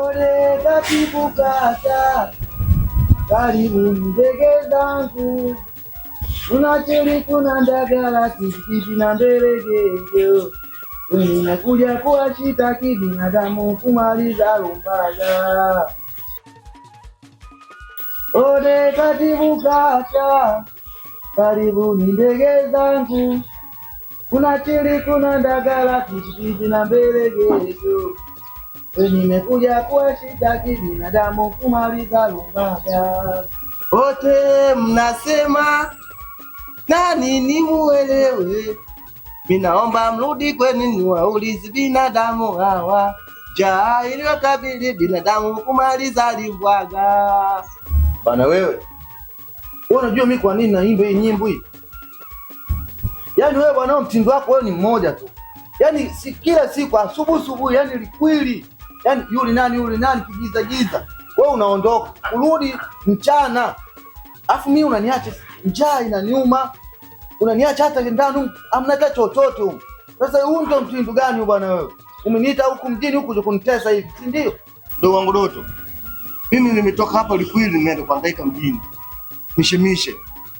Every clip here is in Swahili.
Oreka kibukata karibu ndege zangu, kuna kuna ndagala, tikiti na mbelege, ninakuja kuwashita kibinadamu, kumaliza Lumbagala. Oreka kibukata karibu ni ndege zangu, kuna cheli, kuna ndagala, tikiti na mbelege nimekuja kuwashitaki binadamu kumaliza lughaga. Wote mnasema nani nimuelewe? Minaomba mrudi kwenu niwaulize binadamu hawa, njaa iliyokabili binadamu kumaliza limbwaga Bana wewe, unajua mi kwa nini naimba hii nyimbo hii? Yaani wewe bwana, mtindo wako wewe ni mmoja tu, yaani si kila siku asubuhi asubuhi, yaani likwili yani yule nani yule nani kijiza giza, wewe unaondoka urudi mchana, afu mimi unaniacha njaa inaniuma, unaniacha hata ndani amna hata chochote Sasa huu ndo mtindo gani bwana wewe? Umeniita huku mjini huku kunitesa hivi, si ndio? Ndio wangu Doto, mimi nimetoka hapa Likwili, nimeenda kuhangaika mjini mishemishe,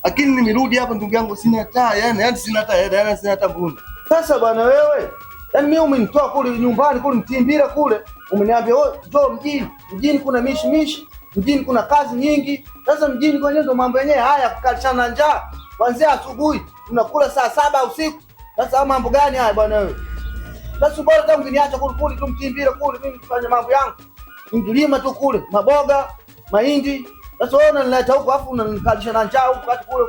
lakini nimerudi hapa, ndugu yangu, sina taa yani, yani sina taa yani, yaani sina taa mbunda. Sasa bwana wewe Yaani mimi umenitoa kule nyumbani kule Mtimbira kule, umeniambia wewe oh, njoo mjini. Mjini kuna mishi mishi, mjini kuna kazi nyingi. Sasa mjini kwa nini ndo mambo yenyewe haya kukalishana njaa? Kuanzia asubuhi tunakula saa saba usiku. Sasa mambo gani haya bwana wewe? Sasa bora kama ungeniacha kule kule tu Mtimbira kule mimi nifanye mambo yangu. Ningilima tu kule, maboga, mahindi. Sasa wewe unanileta huko afu unanikalisha na njaa huko kati kule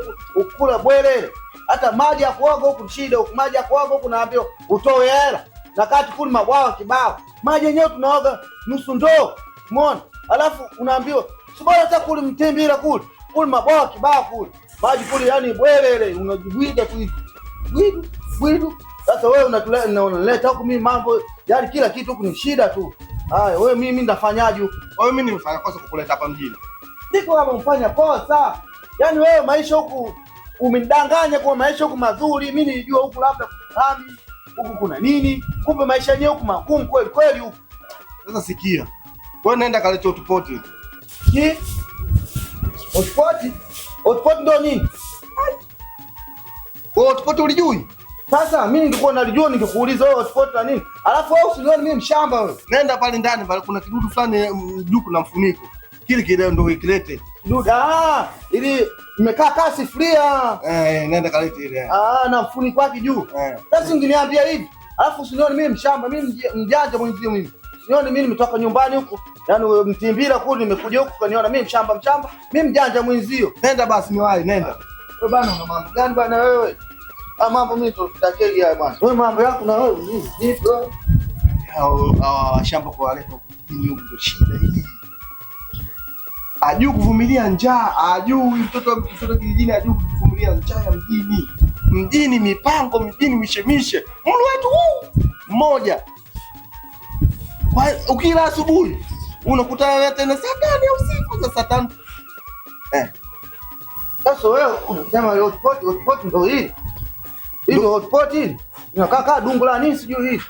kula bwelele hata maji ya kuoga huku shida huku, maji ya kuoga huku naambiwa utoe hela, na kati kuni mabwawa kibao, maji yenyewe tunaoga nusu ndoo, umeona? Alafu unaambiwa sibora hata kuli mtimbi, ila kuli kuli mabwawa kibao kuli maji kuli, yani bwelele, unajibwiga tu hivi bwidu bwidu. Sasa wewe unatuleta unaleta huku, mimi mambo yani kila kitu huku ni shida tu. Haya wewe, mimi ndafanyaje huku? Wewe mimi nimefanya kosa kukuleta hapa mjini? Siko kama mfanya kosa, yani wewe maisha huku umenidanganya kwa maisha huku mazuri, mimi nilijua huku labda kuhami huku kuna nini, kumbe maisha yenyewe huku magumu kweli kweli huku. Sasa sikia, wewe nenda kaleta utupoti. Ki utupoti, utupoti ndo nini? Wewe utupoti ulijui? Sasa mimi nilikuwa nalijua, ningekuuliza wewe utupoti na nini? Alafu wewe usinione mimi mshamba wewe. Nenda pale ndani pale, kuna kidudu fulani mm, juu, kuna mfuniko kile kile, ndio ikilete Duda, ah, ili imekaa kaa sifuria. Ah. Eh, nenda kaleti ile. Ah, na mfuni wake juu. Eh. Sasa ungeniambia hivi, alafu usinione mimi mshamba, mimi mjanja mwenzie mimi. Usinione mimi nimetoka nyumbani huko. Yaani mtimbira kule nimekuja huko kaniona mimi mshamba mshamba, mimi mjanja mwenzio. Nenda basi miwai, nenda. Wewe bana una mambo gani bana wewe? Ah, mambo mimi tu tutakeli haya bwana. Wewe mambo yako na wewe nini? Nipo. Hao hao shamba kwa leo kwa ndio shida hii ajui kuvumilia njaa, ajui mtoto mtoto kijijini ajui kuvumilia njaa ya mjini. Mjini mipango, mjini mishemishe. Mlo wetu huu mmoja, ukila asubuhi unakutana na tena saa tano ya usiku za saa tano. Eh, sasa wewe unasema hotpot, hotpot ndio hii hii, ndio hotpot hii inakaa kaa dungu la nini sijui hii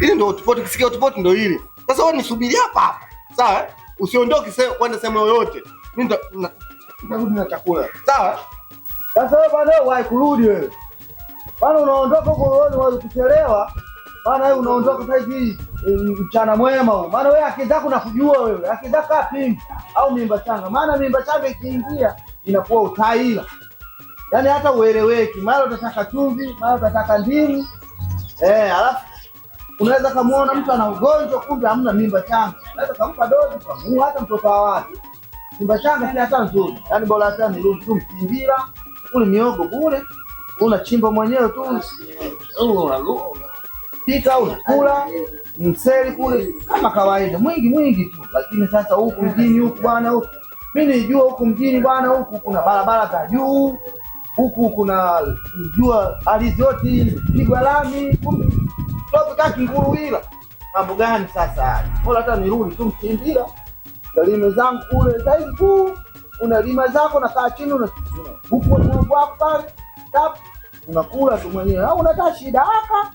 hii ndio hotpot, kisikia hotpot ndio hili. Sasa wewe nisubiri hapa hapa, sawa? Eh? usiondoke kwenda sehemu yoyote, nitarudi na chakula sawa. Sasa wewe bwana, wahi kurudi wewe bana unaondoka huko kuchelewa bana, wewe unaondoka sasa hivi um, mchana mwema huu, maana wewe haki zako nakujua wewe, haki zako apingi au mimba changa, maana mimba changa ikiingia inakuwa utaila, yaani hata ueleweki, mara utataka chumvi, mara utataka ndimu eh, alafu Unaweza kumuona mtu ana ugonjwa kumbe hamna mimba changa, unaweza kumpa dozi kwa hata mtoto wa watu. Mimba changa si hata nzuri, yaani bora hata ni rumu tu msingira ule miogo bure, unachimba mwenyewe tu pika unakula mseli kule kama kawaida, mwingi mwingi tu. Lakini sasa huku mjini huku bwana, huku mimi nijua huku mjini bwana, huku kuna barabara za juu, huku kuna jua ardhi yote pigwa lami kumbe Stop kaka kinguru ila. Mambo gani sasa haya? Bora hata nirudi tu mtimbila. Dalime zangu kule zaidi kuu. Unalima zako na kaa chini una huko na hapo pale. Tap. Unakula tu mwenyewe. Au unataka shida haka?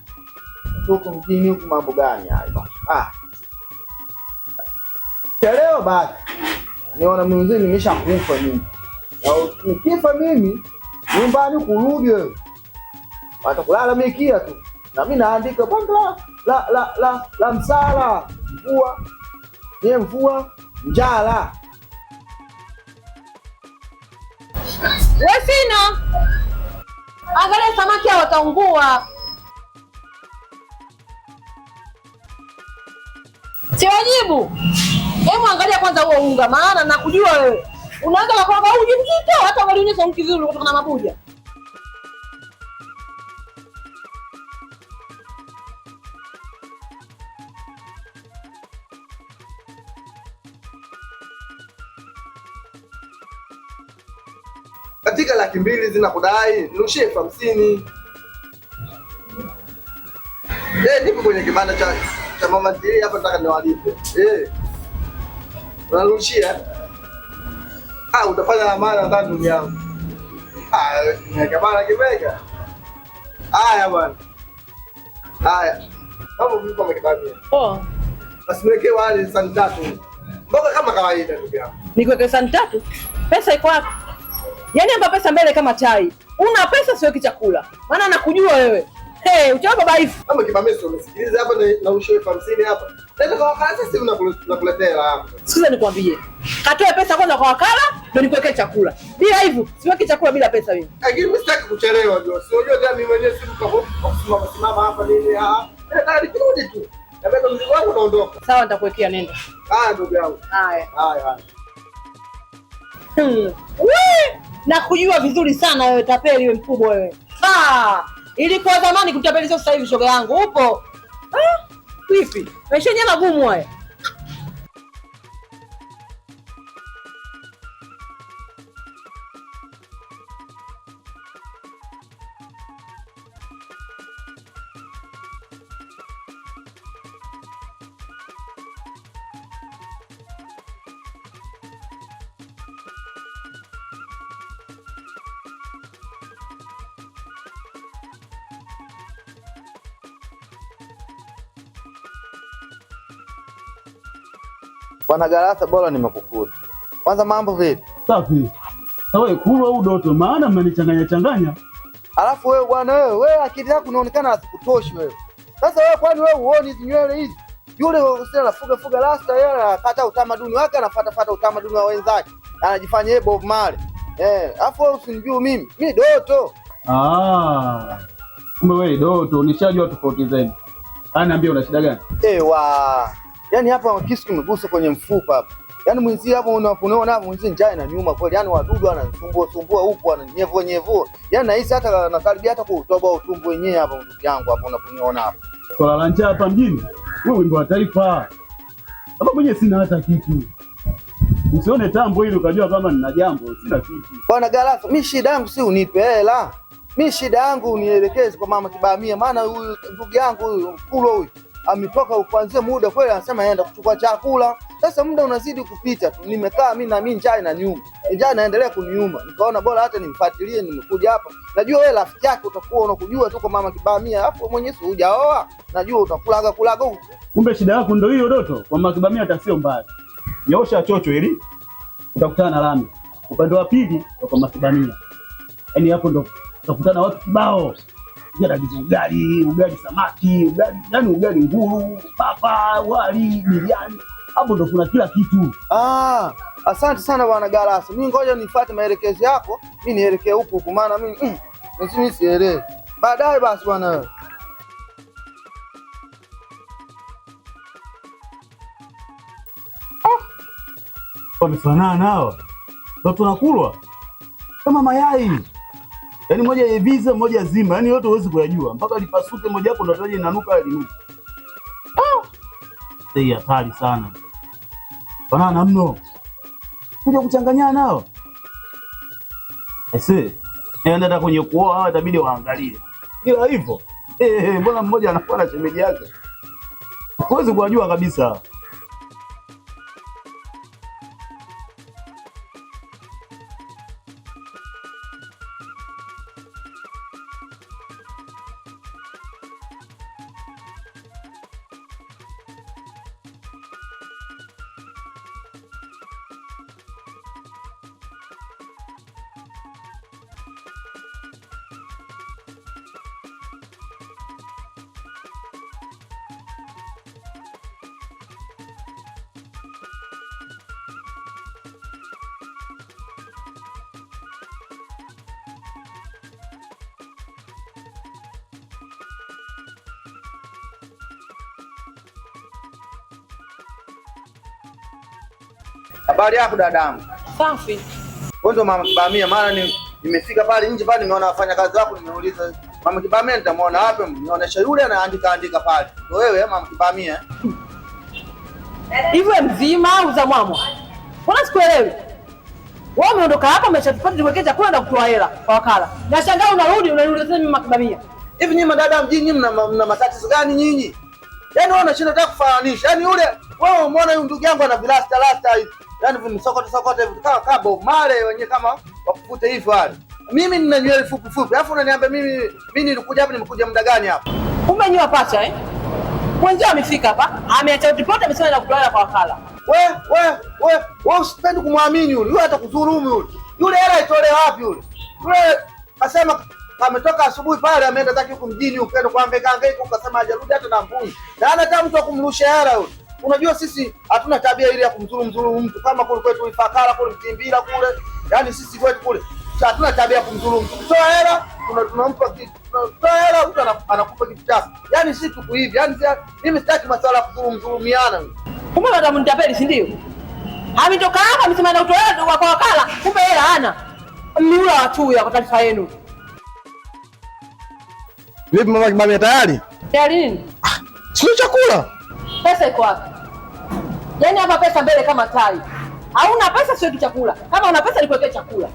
Huko mjini huko mambo gani haya? Ah. Leo basi. Niona mwenzie nimeshakufa mimi. Au nikifa mimi nyumbani kurudi wewe. Watakulala mikia tu na mi naandika banda la la la, la, la msala mvua ye mvua njala wefino angalia samaki wataungua. Siwajibu, hebu angalia kwanza huo unga, maana nakujua wewe unaanza na uji mzito hata ulionyesha mkizuri kutokana na mabuja laki mbili zinakudai, nirushie elfu hamsini. Eh, nipo kwenye kibanda cha cha mama ntilie hapa, nataka niwalipe. Eh, unarushia? Ah, utafanya na maana ndani dunia yangu. Ah, ni kibanda kimega. Haya bwana, haya hapo vipo mkibamia. Poa. Asiweke wale sani tatu. Mboga kama kawaida ndugu yangu. Nikweke sani tatu? Pesa iko wapi? Yaani amba pesa mbele kama tai. Una pesa sio kichakula. Maana nakujua wewe. Hey, uchawa baba hivi. Kama kibamesi umesikiliza hapa na ushoe hamsini hapa. Sasa kwa wakala sisi unakuletea hapa. Sikiza nikwambie. Katoe pesa kwanza kwa wakala ndio nikuwekee chakula. Bila hivyo siweki chakula bila pesa mimi. Eh, lakini mimi sitaki kuchelewa bro. Si unajua kama mimi mwenyewe si mtu kwa kusimama simama hapa nini ah. Eh, Nataka nirudi tu. Nataka mzigo wangu naondoka. Sawa nitakuwekea nenda. Ah, ndugu yangu. Haya. Haya haya. Hmm. Wee! na kujua vizuri sana wewe tapeli, wewe mkubwa wewe. Ah, ilikuwa zamani kutapeli, sio sasa hivi shoga yangu. Upo ah, vipi? Maisha yenyewe magumu Bwana Galasa, bora nimekukuta. Kwanza mambo vipi? Safi. Sawa, kulwa au doto? Maana mmenichanganya changanya. Alafu wewe bwana wewe, wewe akili yako inaonekana hazikutoshi wewe. Sasa wewe kwani wewe uone hizi nywele hizi? Yule usina anafuga fuga rasta yeye anakata utamaduni wake anafuata fuata utamaduni wa wenzake. Anajifanya yeye Bob Marley. Eh, alafu wewe usinijue mimi. Mimi doto. Ah. Kumbe wewe doto, nishajua tofauti zenu. Ana niambia una shida gani? Ewa. Eh, wa yani hapa kisu kimegusa kwenye mfupa hapa, yani mwenzi hapo unaona hapo mwenzi njaa na nyuma kweli, yani wadudu anasumbua sumbua huko ananyevo nyevo, yani nahisi hata nakaribia hata kuutoboa utumbo wenyewe hapa, ndugu yangu hapa unaponiona hapa. Swala la njaa hapa mjini, wewe wimbo wa taifa hapa mwenye sina hata kitu Usione tambo hili ukajua kama nina jambo, sina kitu bwana Garafu. Mi shida yangu si unipe hela, mi shida yangu unielekeze kwa mama Kibamia, maana huyu ndugu yangu huyu Mkulwa huyu ametoka kuanzia muda kweli, anasema aenda kuchukua chakula. Sasa muda unazidi kupita tu, nimekaa mimi na mimi, njaa inaniuma, njaa inaendelea kuniuma, nikaona bora hata nimfuatilie. Nimekuja hapa, najua wewe rafiki yake utakuwa unakujua tu kwa mama kibamia, alafu mwenyewe si hujaoa, najua utakulaga kulaga huko. Kumbe shida yako ndio hiyo Doto, kwa mama kibamia hata sio mbali, nyosha chocho ili utakutana na lami upande wa pili kwa mama kibamia, yani hapo ndo utakutana watu kibao anagiza ugali, ugali samaki, ugali yani ugali nguru, papa, wali, biriani. Hapo ndo kuna kila kitu. Ah, asante sana bwana Galasa. mi ngoja nifuate maelekezo yako, mi nielekee huku huku, maana mimi mm, mimi Baadaye basi bwana wewe. Wamefanana hawa. Ndo tunakulwa kama mayai. Yaani moja ya visa, moja zima. Yaani yote huwezi kuyajua mpaka lipasuke moja hapo ndo taje inanuka linuka. Ah! Sei hatari sana. bana, mno. Kuja kuchanganyana nao. Ese. Yaani hata kwenye kuoa hawa itabidi waangalie. kila hivyo. Eh, mbona mmoja anakuwa na shemeji yake? Huwezi kujua kabisa. Habari yako dadangu? Safi. Wewe ndo mama Kibamia, maana ni nimefika pale nje pale nimeona kazi wako, nimeuliza mama Kibamia nitamwona wapi? Nionyesha yule anaandika andika pale. Ndio Wewe mama Kibamia. Eh? Hivi mzima au za mama. Mbona sikuelewi? Wewe umeondoka hapa umeshatupa tumekea chakula na kutoa hela kwa wakala. Nashangaa unarudi unaniuliza tena mama Kibamia. Hivi nyinyi madada mjini mna, mna matatizo gani nyinyi? Yaani wewe unashinda unataka kufananisha. Yaani yule wewe umeona yule ndugu yangu ana vilasta lasta hivi yani vimsokote sokote hivi kama kabo male wenyewe kama wakukute hivyo hali. Mimi nina nywele fupi fupi, alafu unaniambia mimi mimi nilikuja hapa, nimekuja muda gani hapa? Umenyoa pacha eh? Mwenzio amefika hapa, ameacha ripoti, amesema na kulala kwa wakala. We we we we, usipendi kumwamini yule, yule atakudhulumu yule. Yule hela itolewe wapi yule? Yule kasema ametoka asubuhi pale, ameenda zake huko mjini, upendo kwa mbeka mbekangaiko, kasema hajarudi hata na mbuzi, na hana hata mtu akumrusha hela yule. Unajua sisi hatuna tabia ile ya kumdhuru mdhuru mtu kama kule kwetu Ifakara kule Mtimbira kule, yani sisi kwetu kule hatuna tabia ya kumdhuru mtu. Toa hela tunampa kitu, toa hela mtu anakupa kitu chako. Yani sisi tuko hivi, yani mimi sitaki masuala ya kudhuru miana Kumbe madam nitapeli, si ndio? Ametoka hapa amesema na utoe kwa wakala, kumbe hela hana. Mliula watu ya kwa taifa yenu. Vipi mama, kimamia tayari? Tayari nini? Ah, sio chakula. Pesa iko wapi? Yaani hapa pesa mbele kama tai. Hauna pesa sio chakula. Kama una pesa nikuwekee chakula.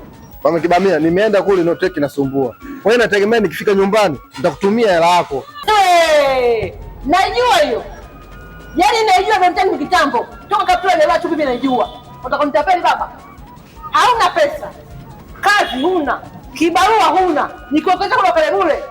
Mama Kibamia, nimeenda kule no take inasumbua. Wewe nategemea nikifika nyumbani nitakutumia hela yako. Hey! Najua hiyo. Yaani najua mtani kitambo. Toka kapula ile watu mimi najua. Utakonitapeli baba. Hauna pesa. Kazi huna. Kibarua huna. Nikuwekea chakula pale bure.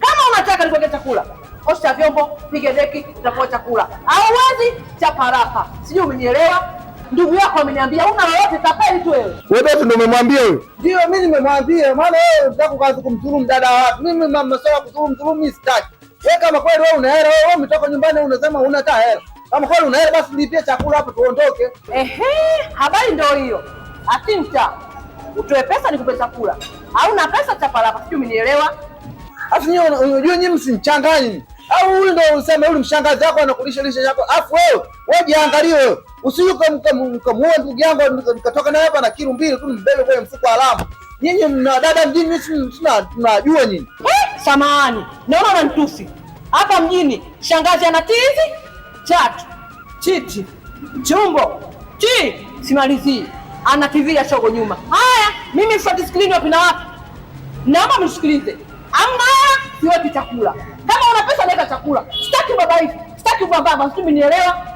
Kama unataka nikuwekee chakula osha vyombo, piga deki, tafua chakula. Hauwezi chapa haraka, sijui umenielewa? Ndugu yako ameniambia una lolote, tapeli tu wewe. Wewe ndio umemwambia huyo? Ndio mimi nimemwambia, maana wewe unataka kazi kumdhulumu dada wa watu. Mimi masuala kudhulumu dhulumu mimi sitaki. Wewe kama kweli wewe una hela, wewe umetoka nyumbani unasema una ta hela. Kama kweli una hela basi nilipie chakula hapo tuondoke. Ehe, habari ndio hiyo. Atinta. Utoe pesa nikupe chakula. Hauna pesa, chapa haraka, sijui umenielewa? Afu nyinyi unajua nyinyi msimchanganyi au huyu ndo useme huyu mshangazi wako anakulisha lisha yako, afu wewe wewe jiangalie wewe, usiyuko mkamuue ndugu yangu nikatoka naye hapa na kilo mbili tu mbele kwenye mfuko alama. Nyinyi mna dada mjini, tunajua nyinyi. Eh, samahani, naona unanitusi hapa mjini. Shangazi ana tizi chatu chiti chumbo chi simalizi ana TV ya shogo nyuma. Haya, mimi fuati wapi na wapi, naomba msikilize. Amna siwapi chakula leta chakula. Sitaki babaifu, sitaki ubababa, sijui umenielewa?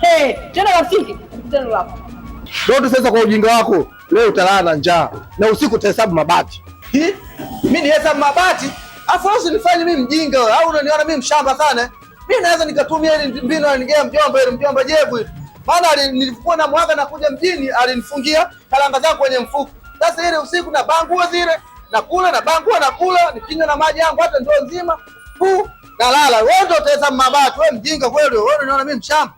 Hey, tena rafiki, tena lako. Ndio sasa kwa ujinga wako, leo utalala na njaa na usiku utahesabu mabati. Hi? Mimi nihesabu mabati? Afu usinifanye mimi mjinga au unaniona mimi mshamba sana? Mimi naweza nikatumia ile mbinu alinigea mjomba ile mjomba jevu ile. Maana nilikuwa na mwaga na kuja mjini alinifungia karanga zangu kwenye mfuko. Sasa ile usiku na bangua zile nakula na bangua nakula nikinywa na maji yangu hata ndio nzima. Huu Dalala, wewe ndio utaweza mabati, wewe mjinga kweli, wewe unaona mimi mshamba?